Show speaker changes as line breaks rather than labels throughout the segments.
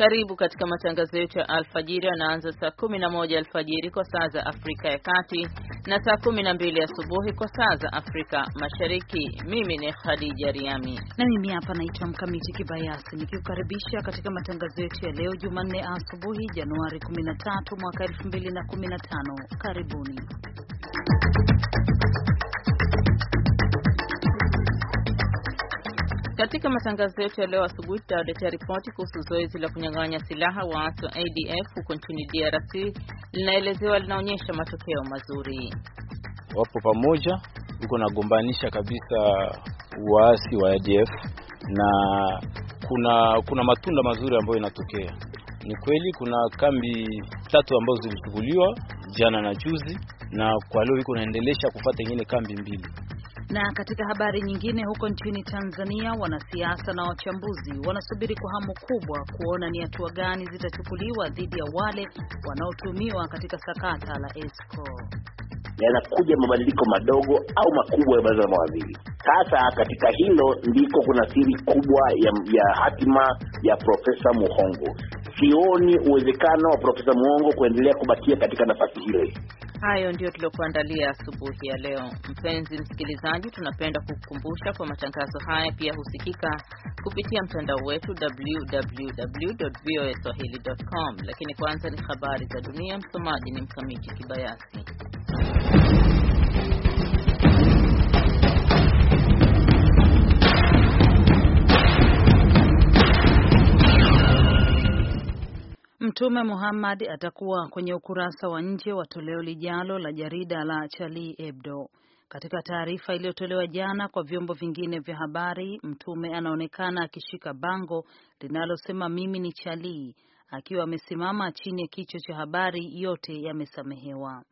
Karibu katika matangazo yetu ya alfajiri yanaanza saa 11 alfajiri kwa saa za Afrika ya Kati na saa 12 asubuhi kwa saa za Afrika Mashariki. Mimi ni Khadija Riami
na mimi hapa naitwa Mkamiti Kibayasi nikikukaribisha katika matangazo yetu ya leo Jumanne asubuhi Januari 13 mwaka 2015.
Karibuni. Katika matangazo yetu ya leo asubuhi tutawaletea ripoti kuhusu zoezi la kunyang'anya silaha waasi wa ADF huko nchini DRC linaelezewa linaonyesha matokeo mazuri.
Wapo pamoja huko nagombanisha kabisa waasi wa ADF na kuna kuna matunda mazuri ambayo inatokea. Ni kweli kuna kambi tatu ambazo zilichukuliwa jana na juzi, na kwa leo iko naendelesha kufuata nyingine kambi mbili.
Na katika habari nyingine, huko nchini Tanzania, wanasiasa na wachambuzi wanasubiri kwa hamu kubwa kuona ni hatua gani zitachukuliwa dhidi ya wale wanaotumiwa katika sakata la
Esco.
Yanakuja mabadiliko madogo au makubwa ya baraza la mawaziri. Sasa katika hilo ndiko kuna siri kubwa ya, ya hatima ya Profesa Muhongo sioni uwezekano wa Profesa Muhongo kuendelea kubakia katika nafasi hile.
Hayo ndio tuliokuandalia asubuhi ya leo. Mpenzi msikilizaji, tunapenda kukukumbusha kwa matangazo haya pia husikika kupitia mtandao wetu www.voaswahili.com. Lakini kwanza ni habari za dunia, msomaji ni Mkamiti Kibayasi.
Mtume Muhammad atakuwa kwenye ukurasa wa nje wa toleo lijalo la jarida la Charlie Hebdo. Katika taarifa iliyotolewa jana kwa vyombo vingine vya habari, Mtume anaonekana akishika bango linalosema mimi ni Charlie, akiwa amesimama chini ya kichwa cha habari yote yamesamehewa.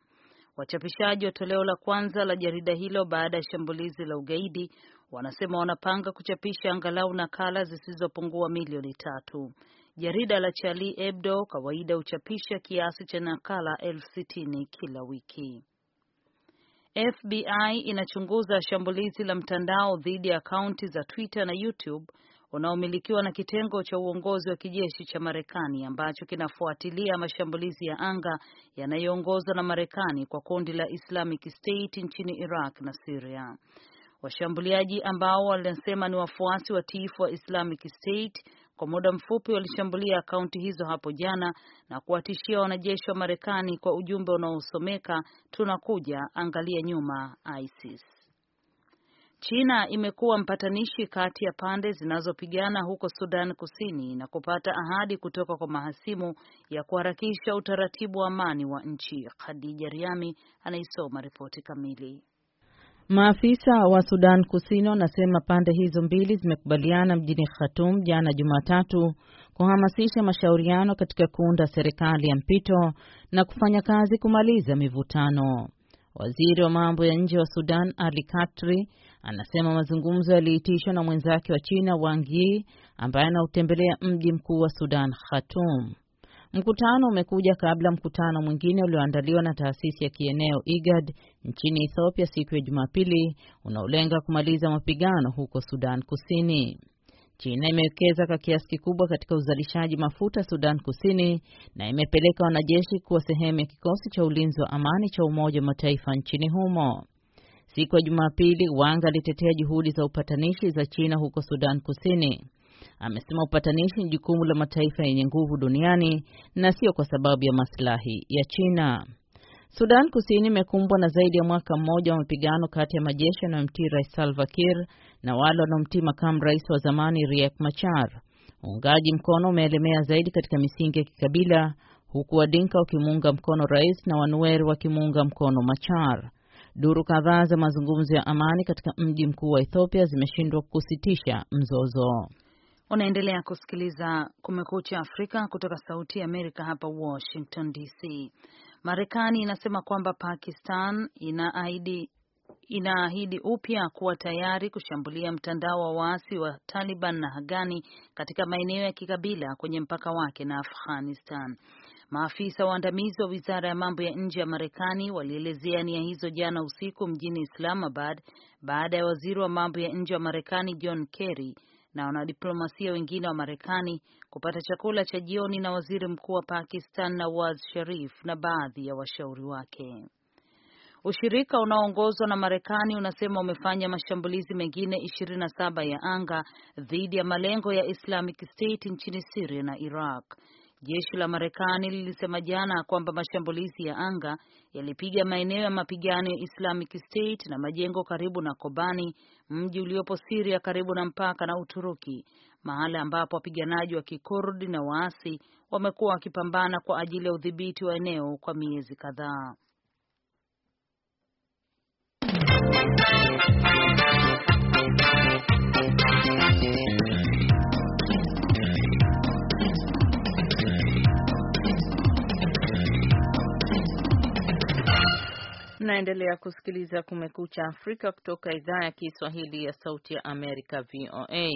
Wachapishaji wa toleo la kwanza la jarida hilo baada ya shambulizi la ugaidi wanasema wanapanga kuchapisha angalau nakala zisizopungua milioni tatu. Jarida la Charlie Hebdo kawaida huchapisha kiasi cha nakala elfu sitini kila wiki. FBI inachunguza shambulizi la mtandao dhidi ya akaunti za Twitter na YouTube unaomilikiwa na kitengo cha uongozi wa kijeshi cha Marekani ambacho kinafuatilia mashambulizi ya anga yanayoongozwa na Marekani kwa kundi la Islamic State nchini Iraq na Syria. Washambuliaji ambao walisema ni wafuasi watiifu wa Islamic State kwa muda mfupi walishambulia akaunti hizo hapo jana na kuwatishia wanajeshi wa Marekani kwa ujumbe unaosomeka tunakuja, angalia nyuma ISIS. China imekuwa mpatanishi kati ya pande zinazopigana huko Sudan Kusini na kupata ahadi kutoka kwa mahasimu ya kuharakisha utaratibu wa amani wa nchi. Khadija Riami anaisoma ripoti kamili.
Maafisa wa Sudan Kusini wanasema pande hizo mbili zimekubaliana mjini Khartoum jana Jumatatu kuhamasisha mashauriano katika kuunda serikali ya mpito na kufanya kazi kumaliza mivutano. Waziri wa mambo ya nje wa Sudan Ali Katri anasema mazungumzo yaliitishwa na mwenzake wa China Wang Yi ambaye anautembelea mji mkuu wa Sudan Khartoum. Mkutano umekuja kabla mkutano mwingine ulioandaliwa na taasisi ya kieneo IGAD nchini Ethiopia siku ya Jumapili unaolenga kumaliza mapigano huko Sudan Kusini. China imewekeza kwa kiasi kikubwa katika uzalishaji mafuta Sudan Kusini na imepeleka wanajeshi kuwa sehemu ya kikosi cha ulinzi wa amani cha Umoja wa Mataifa nchini humo. Siku ya Jumapili, wanga alitetea juhudi za upatanishi za China huko Sudan Kusini. Amesema upatanishi ni jukumu la mataifa yenye nguvu duniani na sio kwa sababu ya maslahi ya China. Sudan Kusini imekumbwa na zaidi ya mwaka mmoja wa mapigano kati ya majeshi yanayomtii Rais Salva Kiir na wale wanaomtii makamu rais wa zamani Riek Machar. Uungaji mkono umeelemea zaidi katika misingi ya kikabila, huku Wadinka wakimuunga mkono rais na Wanuer wakimuunga mkono Machar. Duru kadhaa za mazungumzo ya amani katika mji mkuu wa Ethiopia zimeshindwa kusitisha mzozo.
Unaendelea kusikiliza Kumekucha Afrika kutoka Sauti ya Amerika hapa Washington DC. Marekani inasema kwamba Pakistan inaahidi inaahidi upya kuwa tayari kushambulia mtandao wa waasi wa Taliban na Hagani katika maeneo ya kikabila kwenye mpaka wake na Afghanistan. Maafisa waandamizi wa wizara ya mambo ya nje ya Marekani walielezea nia hizo jana usiku mjini Islamabad baada ya waziri wa mambo ya nje wa Marekani John Kerry na wanadiplomasia wengine wa Marekani kupata chakula cha jioni na waziri mkuu wa Pakistan Nawaz Sharif na baadhi ya washauri wake. Ushirika unaoongozwa na Marekani unasema umefanya mashambulizi mengine 27 ya anga dhidi ya malengo ya Islamic State nchini Syria na Iraq. Jeshi la Marekani lilisema jana kwamba mashambulizi ya anga yalipiga maeneo ya mapigano ya Islamic State na majengo karibu na Kobani, mji uliopo Siria karibu na mpaka na Uturuki, mahala ambapo wapiganaji wa Kikurdi na waasi wamekuwa wakipambana kwa ajili ya udhibiti wa eneo kwa miezi kadhaa.
Mnaendelea kusikiliza Kumekucha Afrika kutoka idhaa ya Kiswahili ya Sauti ya Amerika, VOA.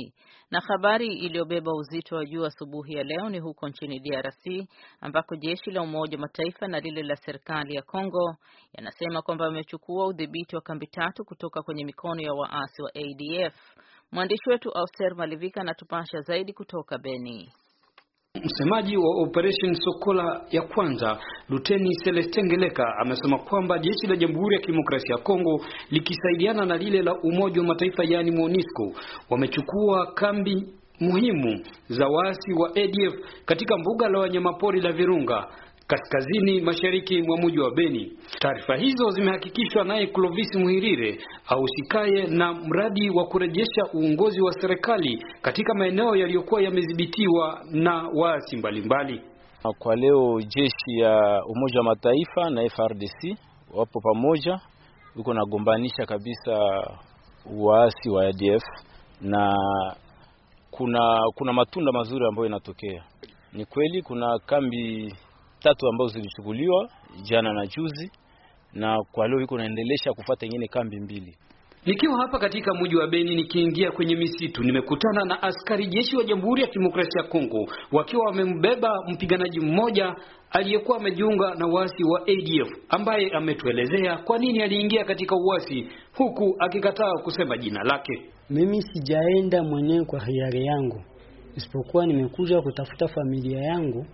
Na habari iliyobeba uzito wa juu asubuhi ya leo ni huko nchini DRC ambako jeshi la Umoja wa Mataifa na lile la serikali ya congo yanasema kwamba wamechukua udhibiti wa kambi tatu kutoka kwenye mikono ya waasi wa ADF. Mwandishi wetu Auster Malivika anatupasha zaidi kutoka Beni.
Msemaji wa Operation Sokola ya kwanza Luteni Celestin Ngeleka amesema kwamba jeshi la Jamhuri ya Kidemokrasia ya Kongo likisaidiana na lile la Umoja wa Mataifa yaani MONUSCO wamechukua kambi muhimu za waasi wa ADF katika mbuga la wanyamapori la Virunga kaskazini mashariki mwa mji wa Beni. Taarifa hizo zimehakikishwa naye Clovis Muhirire ahusikaye na mradi wa kurejesha uongozi wa serikali katika maeneo yaliyokuwa yamedhibitiwa na waasi mbalimbali.
Kwa leo jeshi ya Umoja wa Mataifa na FRDC wapo pamoja, uko nagombanisha kabisa waasi wa ADF na kuna kuna matunda mazuri ambayo yanatokea. Ni kweli kuna kambi tatu ambazo zilichukuliwa jana na juzi, na kwa leo iko naendelesha kufuata nyingine kambi mbili.
Nikiwa hapa katika mji wa Beni nikiingia kwenye misitu, nimekutana na askari jeshi wa Jamhuri ya Kidemokrasia ya Kongo wakiwa wamembeba mpiganaji mmoja aliyekuwa amejiunga na uasi wa ADF ambaye ametuelezea kwa nini aliingia katika uasi huku akikataa kusema jina lake. Mimi sijaenda mwenyewe kwa hiari yangu, isipokuwa nimekuja kutafuta familia yangu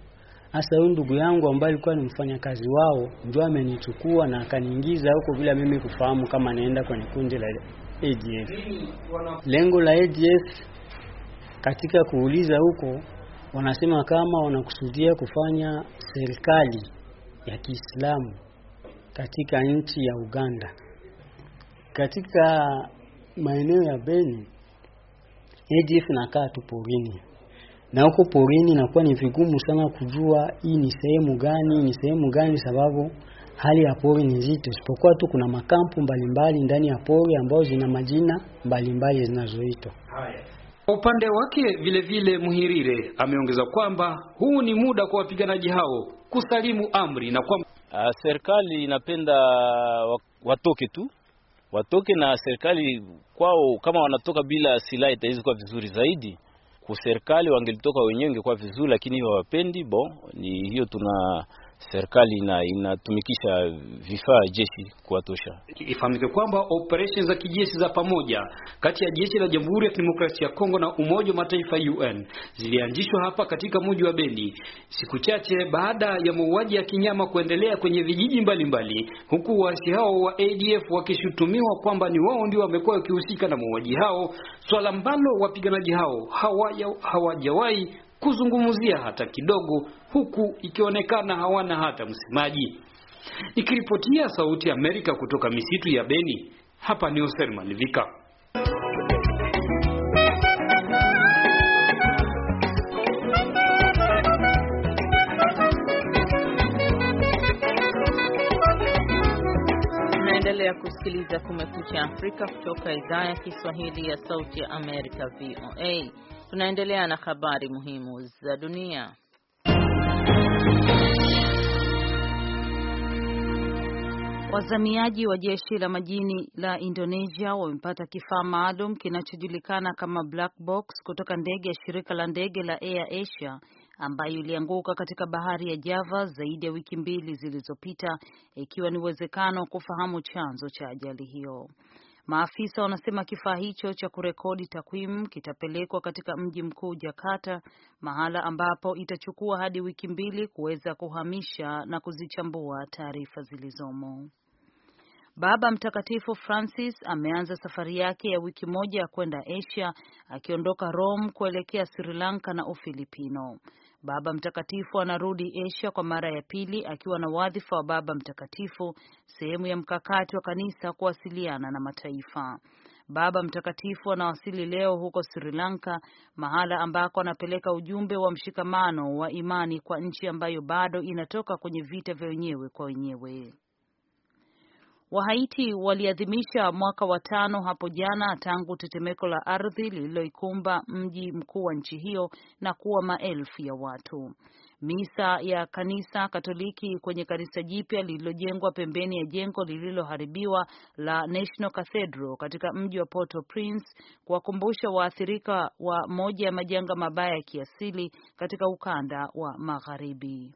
Hasa huyu ndugu yangu ambaye alikuwa ni mfanyakazi wao ndio amenichukua na akaniingiza huko bila mimi kufahamu kama naenda kwenye kundi la ADF. Lengo la ADF katika kuuliza huko, wanasema kama wanakusudia kufanya serikali ya Kiislamu katika nchi ya Uganda. Katika maeneo ya Beni, ADF nakaa tu porini na huko porini inakuwa ni vigumu sana kujua hii ni sehemu gani, ni sehemu gani, sababu hali ya pori ni nzito, isipokuwa tu kuna makampu mbalimbali ndani ya pori ambayo zina majina mbalimbali zinazoitwa kwa Upande wake vile vile Muhirire ameongeza kwamba huu ni muda kwa wapiganaji hao kusalimu amri na kwamba uh, serikali
inapenda watoke tu watoke, na serikali kwao kama wanatoka bila silaha itaweza kuwa vizuri zaidi kuserikali wangelitoka wenyewe ingekuwa vizuri, lakini hiyo hawapendi. Bon, ni hiyo tuna serikali ina inatumikisha vifaa jeshi kuwatosha.
Ifahamike kwamba operesheni za kijeshi za pamoja kati ya jeshi la Jamhuri ya Kidemokrasia ya Kongo na Umoja wa Mataifa UN zilianzishwa hapa katika mji wa Beni siku chache baada ya mauaji ya kinyama kuendelea kwenye vijiji mbalimbali mbali, huku waasi hao wa ADF wakishutumiwa kwamba ni wao ndio wamekuwa wakihusika na mauaji hao, swala ambalo wapiganaji hao hawajawahi kuzungumzia hata kidogo, huku ikionekana hawana hata msemaji. Nikiripotia Sauti ya Amerika kutoka misitu ya Beni, hapa ni Oser Malivika.
Unaendelea kusikiliza Kumekucha Afrika kutoka idhaa ya Kiswahili ya Sauti ya Amerika, VOA. Tunaendelea na habari muhimu za dunia.
Wazamiaji wa jeshi la majini la Indonesia wamepata kifaa maalum kinachojulikana kama black box kutoka ndege ya shirika la ndege la Air Asia ambayo ilianguka katika bahari ya Java zaidi ya wiki mbili zilizopita, ikiwa ni uwezekano wa kufahamu chanzo cha ajali hiyo. Maafisa wanasema kifaa hicho cha kurekodi takwimu kitapelekwa katika mji mkuu Jakarta, mahala ambapo itachukua hadi wiki mbili kuweza kuhamisha na kuzichambua taarifa zilizomo. Baba Mtakatifu Francis ameanza safari yake ya wiki moja kwenda Asia akiondoka Rome kuelekea Sri Lanka na Ufilipino. Baba Mtakatifu anarudi Asia kwa mara ya pili akiwa na wadhifa wa Baba Mtakatifu, sehemu ya mkakati wa kanisa kuwasiliana na mataifa. Baba Mtakatifu anawasili leo huko Sri Lanka, mahala ambako anapeleka ujumbe wa mshikamano wa imani kwa nchi ambayo bado inatoka kwenye vita vya wenyewe kwa wenyewe. Wahaiti waliadhimisha mwaka wa tano hapo jana tangu tetemeko la ardhi lililoikumba mji mkuu wa nchi hiyo na kuwa maelfu ya watu. Misa ya kanisa Katoliki kwenye kanisa jipya lililojengwa pembeni ya jengo lililoharibiwa la National Cathedral katika mji wa Port-au-Prince kuwakumbusha waathirika wa moja ya majanga mabaya ya kiasili katika ukanda wa Magharibi.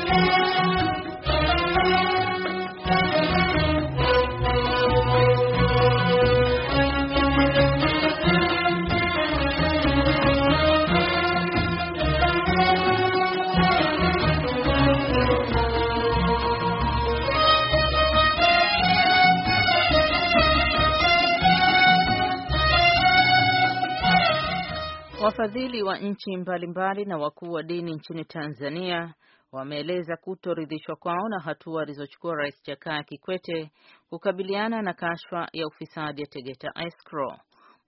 Wafadhili wa nchi mbalimbali na wakuu wa dini nchini Tanzania wameeleza kutoridhishwa kwao na hatua alizochukua Rais Jakaya Kikwete kukabiliana na kashfa ya ufisadi ya Tegeta Escrow.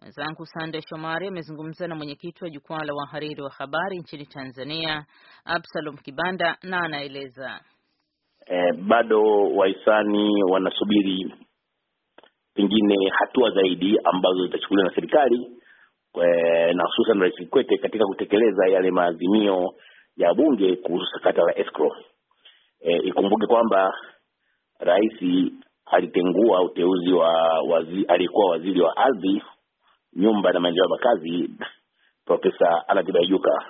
Mwenzangu Sande Shomari amezungumza na mwenyekiti wa jukwaa la wahariri wa habari nchini Tanzania, Absalom Kibanda, na anaeleza
eh, bado wahisani wanasubiri pengine hatua zaidi ambazo zitachukuliwa na serikali Eh, na hususan Rais Kikwete katika kutekeleza yale maazimio ya bunge kuhusu sakata la escrow. E, ikumbuke kwamba rais alitengua uteuzi wa wazi, alikuwa waziri wa ardhi, nyumba na maendeleo ya makazi Profesa Anna Tibaijuka,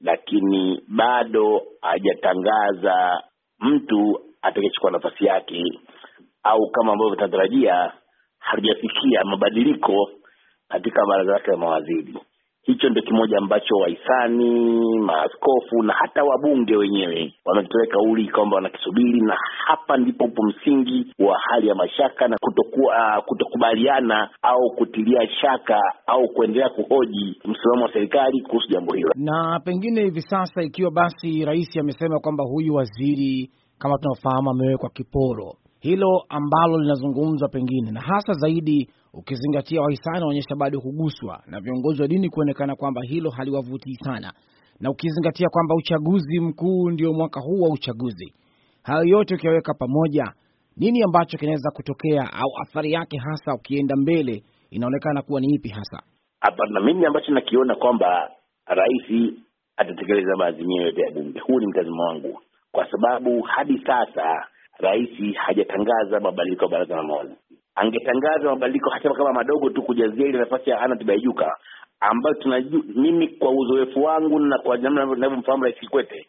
lakini bado hajatangaza mtu atakayechukua nafasi yake, au kama ambavyo tunatarajia, halijafikia mabadiliko katika baraza lake la mawaziri. Hicho ndio kimoja ambacho wahisani, maaskofu na hata wabunge wenyewe wamekitolea kauli kwamba wanakisubiri, na hapa ndipo upo msingi wa hali ya mashaka na kutokuwa ah, kutokubaliana au kutilia shaka au kuendelea kuhoji msimamo wa serikali kuhusu jambo hilo.
Na pengine hivi sasa, ikiwa basi rais amesema kwamba huyu waziri kama tunafahamu amewekwa kiporo hilo ambalo linazungumzwa pengine, na hasa zaidi ukizingatia wahisani wanaonyesha bado kuguswa na viongozi wa dini kuonekana kwamba hilo haliwavutii sana, na ukizingatia kwamba uchaguzi mkuu ndio mwaka huu wa uchaguzi, hayo yote ukiweka pamoja, nini ambacho kinaweza kutokea au athari yake hasa ukienda mbele inaonekana kuwa ni ipi hasa?
Hapana, mimi ambacho nakiona kwamba rais atatekeleza maazimio yote ya bunge. Huu ni mtazamo wangu, kwa sababu hadi sasa rais hajatangaza mabadiliko ya baraza la mawaziri. Angetangaza mabadiliko hata kama madogo tu, kujazia ile nafasi ya Anna Tibaijuka ambayo tunajua, mimi kwa uzoefu wangu na kwa namna ninavyomfahamu Rais Kikwete,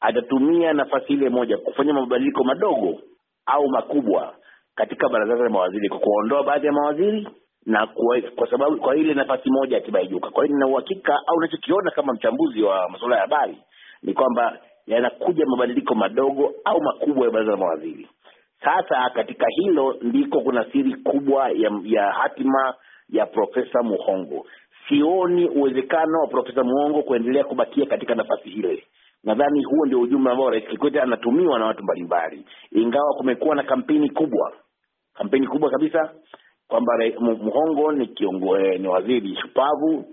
atatumia nafasi ile moja kufanya mabadiliko madogo au makubwa katika baraza la mawaziri kwa kuondoa baadhi ya mawaziri na kwa, kwa sababu kwa ile nafasi moja Tibaijuka. Kwa hiyo nina uhakika au nachokiona kama mchambuzi wa masuala ya habari ni kwamba yanakuja mabadiliko madogo au makubwa ya baraza la mawaziri. Sasa katika hilo ndiko kuna siri kubwa ya, ya hatima ya Profesa Muhongo. Sioni uwezekano wa Profesa Muhongo kuendelea kubakia katika nafasi ile. Nadhani huo ndio ujumbe ambao Rais Kikwete anatumiwa na watu mbalimbali, ingawa kumekuwa na kampeni kubwa, kampeni kubwa kabisa kwamba Muhongo ni kiongozi, eh, ni waziri shupavu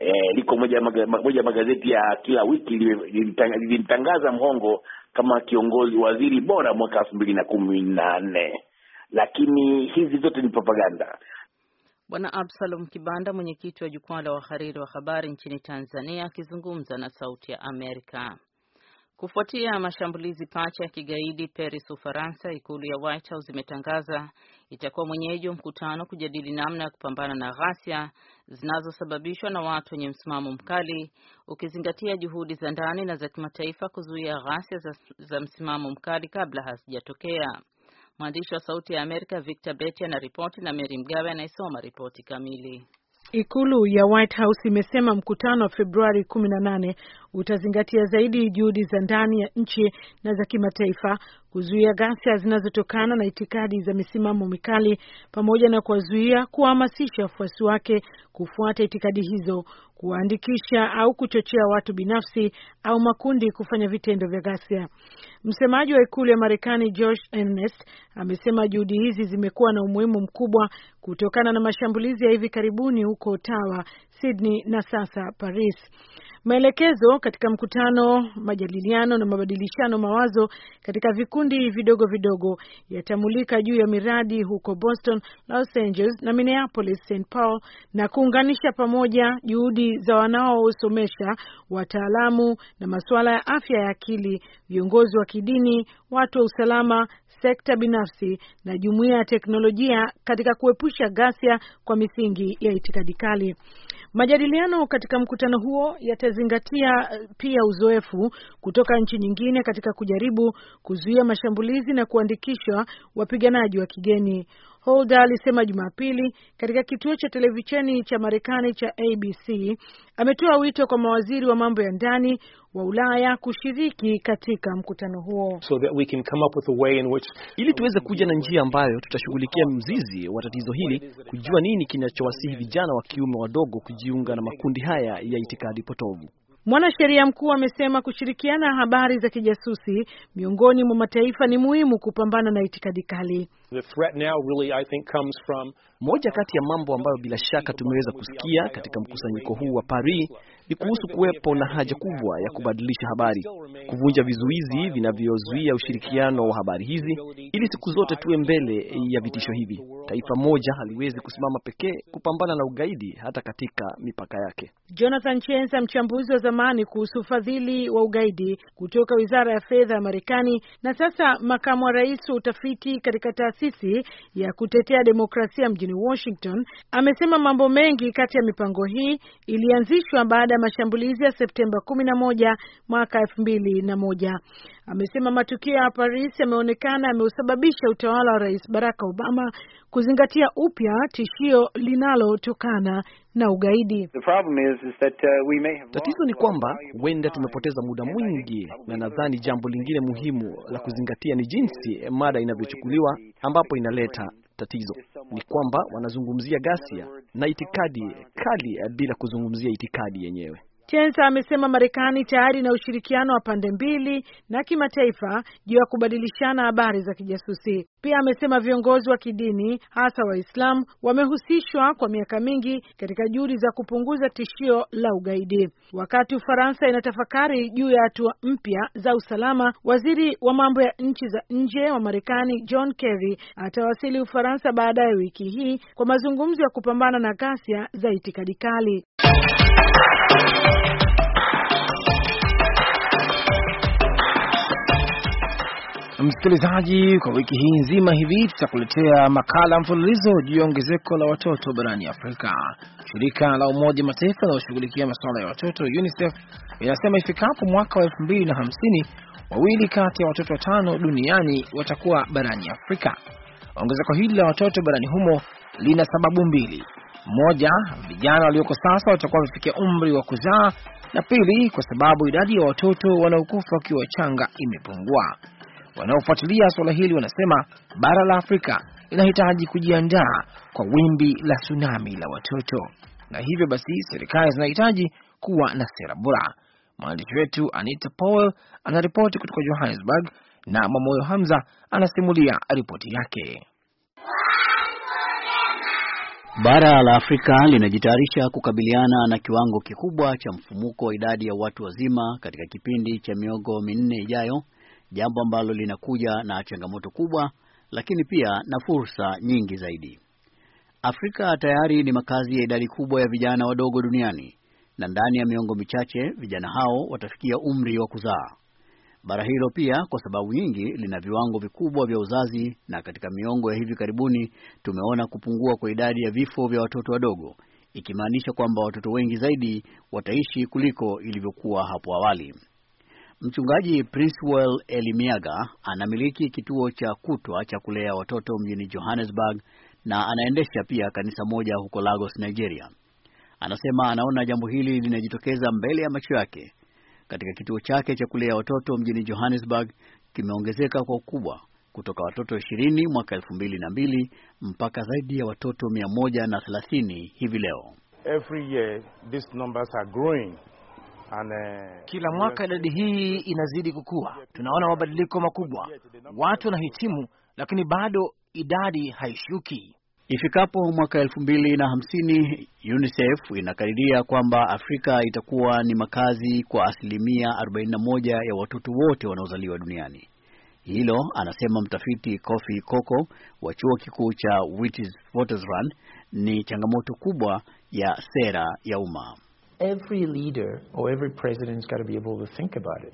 eh, liko moja moja magazeti ya kila wiki lilimtangaza Mhongo kama kiongozi waziri bora mwaka elfu mbili na kumi na nne, lakini hizi zote ni propaganda.
Bwana Absalom Kibanda, mwenyekiti wa jukwaa la wahariri wa habari nchini Tanzania, akizungumza na Sauti ya Amerika. Kufuatia mashambulizi pacha ya kigaidi Paris, Ufaransa, ikulu ya White House imetangaza itakuwa mwenyeji wa mkutano kujadili namna ya kupambana na ghasia zinazosababishwa na watu wenye msimamo mkali, ukizingatia juhudi za ndani na za kimataifa kuzuia ghasia za, za msimamo mkali kabla hazijatokea. Mwandishi wa Sauti ya Amerika Victor Beti anaripoti na mary Mgawe anayesoma ripoti kamili.
Ikulu ya White House imesema mkutano wa Februari 18 utazingatia zaidi juhudi za ndani ya nchi na za kimataifa kuzuia ghasia zinazotokana na itikadi za misimamo mikali pamoja na kuwazuia kuwahamasisha wafuasi wake kufuata itikadi hizo kuwaandikisha au kuchochea watu binafsi au makundi kufanya vitendo vya ghasia. Msemaji wa ikulu ya Marekani Josh Earnest amesema juhudi hizi zimekuwa na umuhimu mkubwa kutokana na mashambulizi ya hivi karibuni huko Ottawa, Sydney na sasa Paris. Maelekezo katika mkutano, majadiliano na mabadilishano mawazo katika vikundi vidogo vidogo yatamulika juu ya miradi huko Boston, Los Angeles na Minneapolis St Paul, na kuunganisha pamoja juhudi za wanaosomesha, wataalamu na masuala ya afya ya akili, viongozi wa kidini, watu wa usalama sekta binafsi na jumuiya ya teknolojia katika kuepusha ghasia kwa misingi ya itikadi kali. Majadiliano katika mkutano huo yatazingatia eh, pia uzoefu kutoka nchi nyingine katika kujaribu kuzuia mashambulizi na kuandikishwa wapiganaji wa kigeni. Holder alisema Jumapili katika kituo cha televisheni cha Marekani cha ABC. Ametoa wito kwa mawaziri wa mambo ya ndani wa Ulaya kushiriki katika mkutano huo,
so that we can come up with a way in which... ili tuweze kuja na njia ambayo tutashughulikia mzizi wa tatizo hili, kujua nini kinachowasihi vijana wa kiume wadogo kujiunga na makundi haya ya itikadi potovu.
Mwanasheria mkuu amesema kushirikiana habari za kijasusi miongoni mwa mataifa ni muhimu kupambana na itikadi kali.
The threat now really I think comes from... moja kati ya mambo ambayo bila shaka tumeweza kusikia katika mkusanyiko huu wa Paris ni kuhusu kuwepo na haja kubwa ya kubadilisha habari, kuvunja vizuizi vinavyozuia ushirikiano wa habari hizi, ili siku zote tuwe mbele ya vitisho hivi. Taifa moja haliwezi kusimama pekee kupambana na ugaidi hata katika mipaka yake.
Jonathan Chenza, mchambuzi wa zamani kuhusu ufadhili wa ugaidi kutoka Wizara ya Fedha ya Marekani na sasa makamu wa rais wa utafiti katika taasisi ya kutetea demokrasia mjini Washington amesema mambo mengi kati ya mipango hii ilianzishwa baada ya mashambulizi ya Septemba 11 mwaka 2001 amesema matukio ya Paris yameonekana yameusababisha utawala wa Rais Barack Obama kuzingatia upya tishio linalotokana na
ugaidi. Uh,
tatizo ni kwamba huenda tumepoteza muda mwingi, na nadhani jambo lingine muhimu la kuzingatia ni jinsi mada inavyochukuliwa, ambapo inaleta tatizo ni kwamba wanazungumzia ghasia na itikadi uh, kali bila kuzungumzia itikadi yenyewe
chensa amesema Marekani tayari na ushirikiano wa pande mbili na kimataifa juu ya kubadilishana habari za kijasusi. Pia amesema viongozi wa kidini hasa Waislamu wamehusishwa kwa miaka mingi katika juhudi za kupunguza tishio la ugaidi. Wakati Ufaransa inatafakari juu ya hatua mpya za usalama, waziri wa mambo ya nchi za nje wa Marekani John Kerry atawasili Ufaransa baadaye wiki hii kwa mazungumzo ya kupambana na ghasia za itikadi kali.
Msikilizaji, kwa wiki hii nzima hivi tutakuletea makala mfululizo juu ya ongezeko la watoto barani Afrika. Shirika la Umoja Mataifa linaloshughulikia masuala ya watoto UNICEF inasema ifikapo mwaka wa elfu mbili na hamsini wawili kati ya watoto watano duniani watakuwa barani Afrika. Ongezeko hili la watoto barani humo lina sababu mbili: moja, vijana walioko sasa watakuwa wamefikia umri wa kuzaa, na pili, kwa sababu idadi ya watoto wanaokufa wakiwa changa imepungua. Wanaofuatilia suala hili wanasema bara la Afrika inahitaji kujiandaa kwa wimbi la tsunami la watoto, na hivyo basi serikali zinahitaji kuwa na sera bora. Mwandishi wetu Anita Powell anaripoti kutoka Johannesburg na Mwamoyo Hamza anasimulia ripoti yake. Bara la Afrika linajitayarisha
kukabiliana na kiwango kikubwa cha mfumuko wa idadi ya watu wazima katika kipindi cha miongo minne ijayo jambo ambalo linakuja na changamoto kubwa, lakini pia na fursa nyingi zaidi. Afrika tayari ni makazi ya idadi kubwa ya vijana wadogo duniani, na ndani ya miongo michache vijana hao watafikia umri wa kuzaa. Bara hilo pia kwa sababu nyingi lina viwango vikubwa vya uzazi, na katika miongo ya hivi karibuni tumeona kupungua kwa idadi ya vifo vya watoto wadogo, ikimaanisha kwamba watoto wengi zaidi wataishi kuliko ilivyokuwa hapo awali. Mchungaji Princewell Elimiaga anamiliki kituo cha kutwa cha kulea watoto mjini Johannesburg na anaendesha pia kanisa moja huko Lagos, Nigeria. Anasema anaona jambo hili linajitokeza mbele ya macho yake. Katika kituo chake cha kulea watoto mjini Johannesburg kimeongezeka kwa ukubwa kutoka watoto 20 mwaka mbili mpaka zaidi ya watoto 130 hivi leo.
Every
year these numbers are growing. Kila mwaka idadi
hii inazidi kukua, tunaona mabadiliko makubwa, watu wanahitimu, lakini bado idadi haishuki.
Ifikapo mwaka elfu mbili na hamsini UNICEF inakadiria kwamba Afrika itakuwa ni makazi kwa asilimia 41 ya watoto wote wanaozaliwa duniani. Hilo anasema mtafiti Kofi Koko wa chuo kikuu cha Witwatersrand ni changamoto kubwa ya sera ya umma
every leader or every president's got to be able to think about it.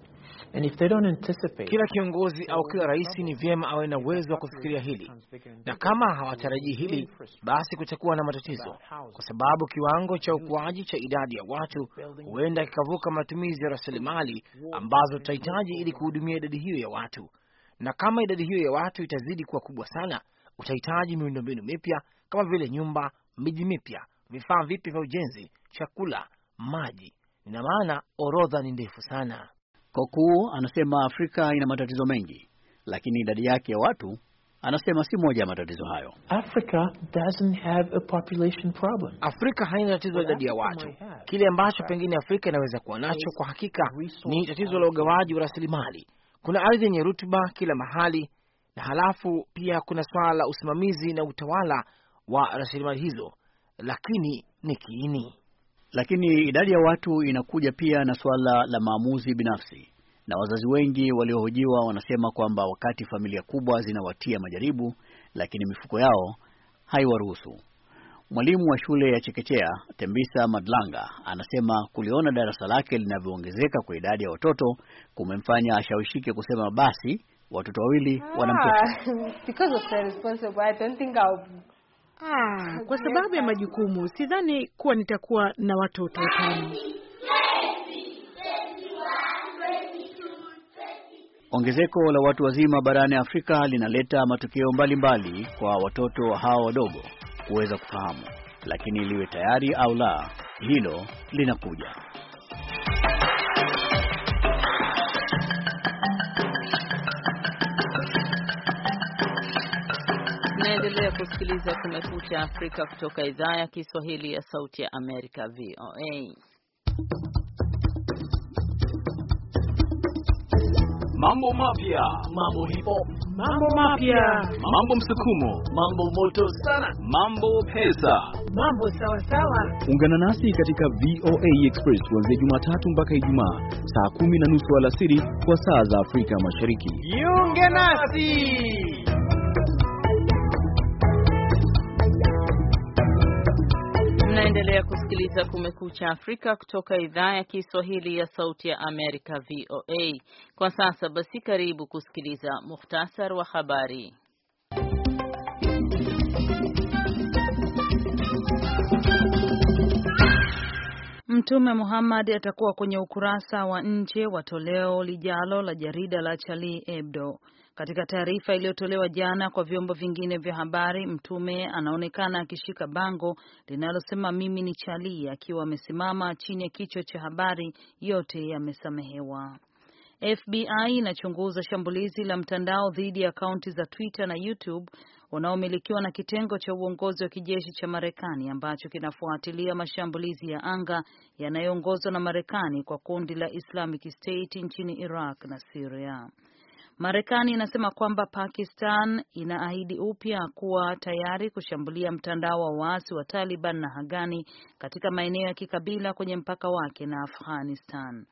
And if they don't anticipate, kila kiongozi au kila rais ni vyema awe na uwezo wa kufikiria hili, na kama hawatarajii hili, basi kutakuwa na matatizo, kwa sababu kiwango cha ukuaji cha idadi ya watu huenda kikavuka matumizi ya rasilimali ambazo tutahitaji ili kuhudumia idadi hiyo ya watu, na kama idadi hiyo ya watu itazidi kuwa kubwa sana, utahitaji miundombinu mipya kama vile nyumba, miji mipya, vifaa vipya vya ujenzi, chakula maji. Nina maana orodha ni ndefu sana. koku
anasema Afrika ina matatizo mengi, lakini idadi yake ya watu anasema si moja ya
matatizo hayo. Africa doesn't have a population problem. Afrika haina tatizo la idadi ya watu. Kile ambacho pengine Afrika inaweza kuwa nacho kwa hakika ni tatizo la ugawaji wa rasilimali. Kuna ardhi yenye rutuba kila mahali, na halafu pia kuna swala la usimamizi na utawala wa rasilimali hizo, lakini ni kiini
lakini idadi ya watu inakuja pia na suala la maamuzi binafsi, na wazazi wengi waliohojiwa wanasema kwamba wakati familia kubwa zinawatia majaribu, lakini mifuko yao haiwaruhusu. Mwalimu wa shule ya chekechea Tembisa Madlanga anasema kuliona darasa lake linavyoongezeka kwa idadi ya watoto kumemfanya ashawishike kusema basi watoto wawili wanamtosha.
Ah, Ah, kwa sababu ya majukumu sidhani kuwa nitakuwa
na watoto watano. Ongezeko la watu wazima barani Afrika linaleta matokeo mbalimbali kwa watoto hawa wadogo kuweza kufahamu, lakini liwe tayari au la, hilo linakuja.
Unaendelea kusikiliza Kumekucha Afrika kutoka idhaa ya Kiswahili ya Sauti ya Amerika,
VOA. Mambo mapya, mambo hipo,
mambo mapya,
mambo msukumo,
mambo moto sana, mambo pesa mambo sawa sawa.
Ungana nasi katika VOA Express kuanzia Jumatatu mpaka Ijumaa saa kumi na nusu alasiri kwa saa za Afrika Mashariki.
Jiunge nasi.
Unaendelea kusikiliza Kumekucha Afrika kutoka idhaa ya Kiswahili ya Sauti ya Amerika, VOA. Kwa sasa basi, karibu kusikiliza muhtasar wa habari.
Mtume Muhammad atakuwa kwenye ukurasa wa nje wa toleo lijalo la jarida la Charlie Hebdo. Katika taarifa iliyotolewa jana kwa vyombo vingine vya habari, Mtume anaonekana akishika bango linalosema mimi ni Chali, akiwa amesimama chini ya kichwa cha habari yote yamesamehewa. FBI inachunguza shambulizi la mtandao dhidi ya akaunti za Twitter na YouTube unaomilikiwa na kitengo cha uongozi wa kijeshi cha Marekani ambacho kinafuatilia mashambulizi ya anga yanayoongozwa na Marekani kwa kundi la Islamic State nchini Iraq na Syria. Marekani inasema kwamba Pakistan inaahidi upya kuwa tayari kushambulia mtandao wa waasi wa Taliban na Hagani katika maeneo ya kikabila kwenye mpaka wake na Afghanistan.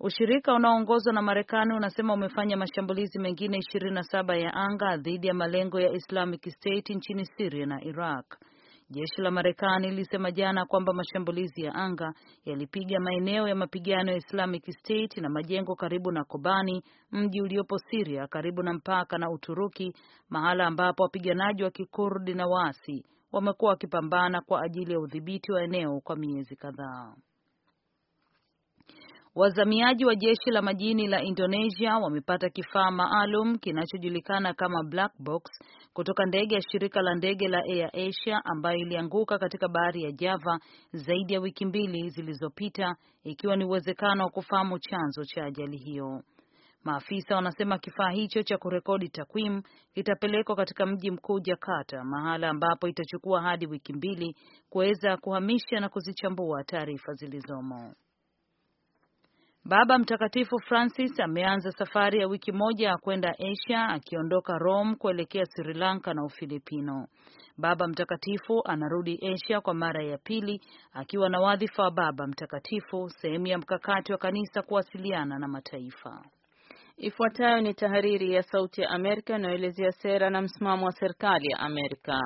Ushirika unaoongozwa na Marekani unasema umefanya mashambulizi mengine 27 ya anga dhidi ya malengo ya Islamic State nchini Syria na Iraq. Jeshi la Marekani lilisema jana kwamba mashambulizi ya anga yalipiga maeneo ya mapigano ya Islamic State na majengo karibu na Kobani, mji uliopo Siria karibu na mpaka na Uturuki, mahala ambapo wapiganaji wa Kikurdi na waasi wamekuwa wakipambana kwa ajili ya udhibiti wa eneo kwa miezi kadhaa. Wazamiaji wa jeshi la majini la Indonesia wamepata kifaa maalum kinachojulikana kama black box kutoka ndege ya shirika la ndege la Air Asia ambayo ilianguka katika bahari ya Java zaidi ya wiki mbili zilizopita, ikiwa ni uwezekano wa kufahamu chanzo cha ajali hiyo. Maafisa wanasema kifaa hicho cha kurekodi takwimu kitapelekwa katika mji mkuu Jakarta, mahala ambapo itachukua hadi wiki mbili kuweza kuhamisha na kuzichambua taarifa zilizomo. Baba Mtakatifu Francis ameanza safari ya wiki moja ya kwenda Asia akiondoka Rome kuelekea Sri Lanka na Ufilipino. Baba Mtakatifu anarudi Asia kwa mara ya pili akiwa na wadhifa wa Baba Mtakatifu, sehemu ya mkakati wa kanisa kuwasiliana na mataifa.
Ifuatayo ni tahariri ya Sauti ya Amerika inayoelezea sera na msimamo wa serikali ya Amerika.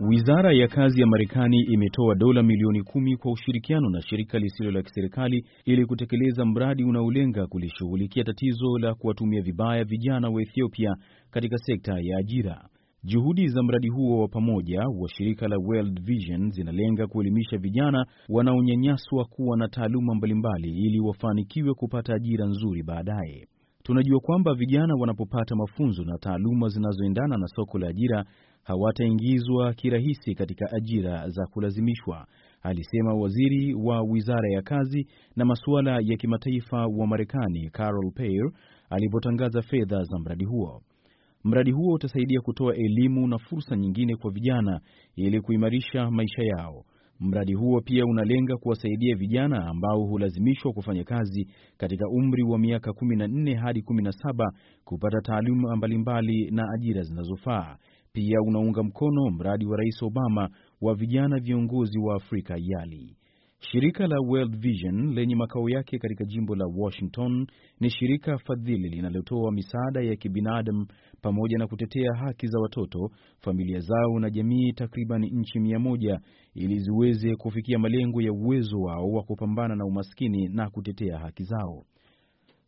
Wizara ya kazi ya Marekani imetoa dola milioni kumi kwa ushirikiano na shirika lisilo la kiserikali ili kutekeleza mradi unaolenga kulishughulikia tatizo la kuwatumia vibaya vijana wa Ethiopia katika sekta ya ajira. Juhudi za mradi huo wa pamoja wa shirika la World Vision zinalenga kuelimisha vijana wanaonyanyaswa kuwa na taaluma mbalimbali ili wafanikiwe kupata ajira nzuri baadaye. Tunajua kwamba vijana wanapopata mafunzo na taaluma zinazoendana na soko la ajira hawataingizwa kirahisi katika ajira za kulazimishwa, alisema waziri wa wizara ya kazi na masuala ya kimataifa wa Marekani Carol Payer alipotangaza fedha za mradi huo. Mradi huo utasaidia kutoa elimu na fursa nyingine kwa vijana ili kuimarisha maisha yao. Mradi huo pia unalenga kuwasaidia vijana ambao hulazimishwa kufanya kazi katika umri wa miaka 14 hadi 17 kupata taaluma mbalimbali na ajira zinazofaa pia unaunga mkono mradi wa Rais Obama wa vijana viongozi wa Afrika YALI. Shirika la World Vision lenye makao yake katika jimbo la Washington ni shirika fadhili linalotoa misaada ya kibinadamu pamoja na kutetea haki za watoto, familia zao na jamii takriban nchi mia moja ili ziweze kufikia malengo ya uwezo wao wa kupambana na umaskini na kutetea haki zao.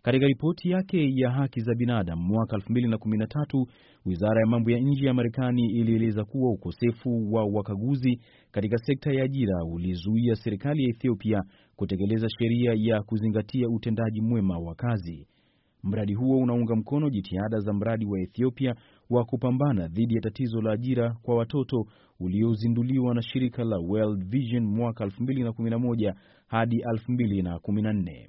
Katika ripoti yake ya haki za binadamu mwaka 2013, wizara ya mambo ya nje ya Marekani ilieleza kuwa ukosefu wa wakaguzi katika sekta ya ajira ulizuia serikali ya Ethiopia kutekeleza sheria ya kuzingatia utendaji mwema wa kazi. Mradi huo unaunga mkono jitihada za mradi wa Ethiopia wa kupambana dhidi ya tatizo la ajira kwa watoto uliozinduliwa na shirika la World Vision mwaka 2011 hadi 2014.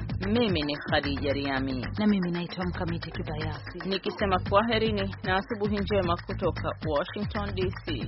mimi ni Khadija Riami na mimi naitwa Mkamiti Kibayasi nikisema kwaherini na asubuhi njema kutoka Washington DC.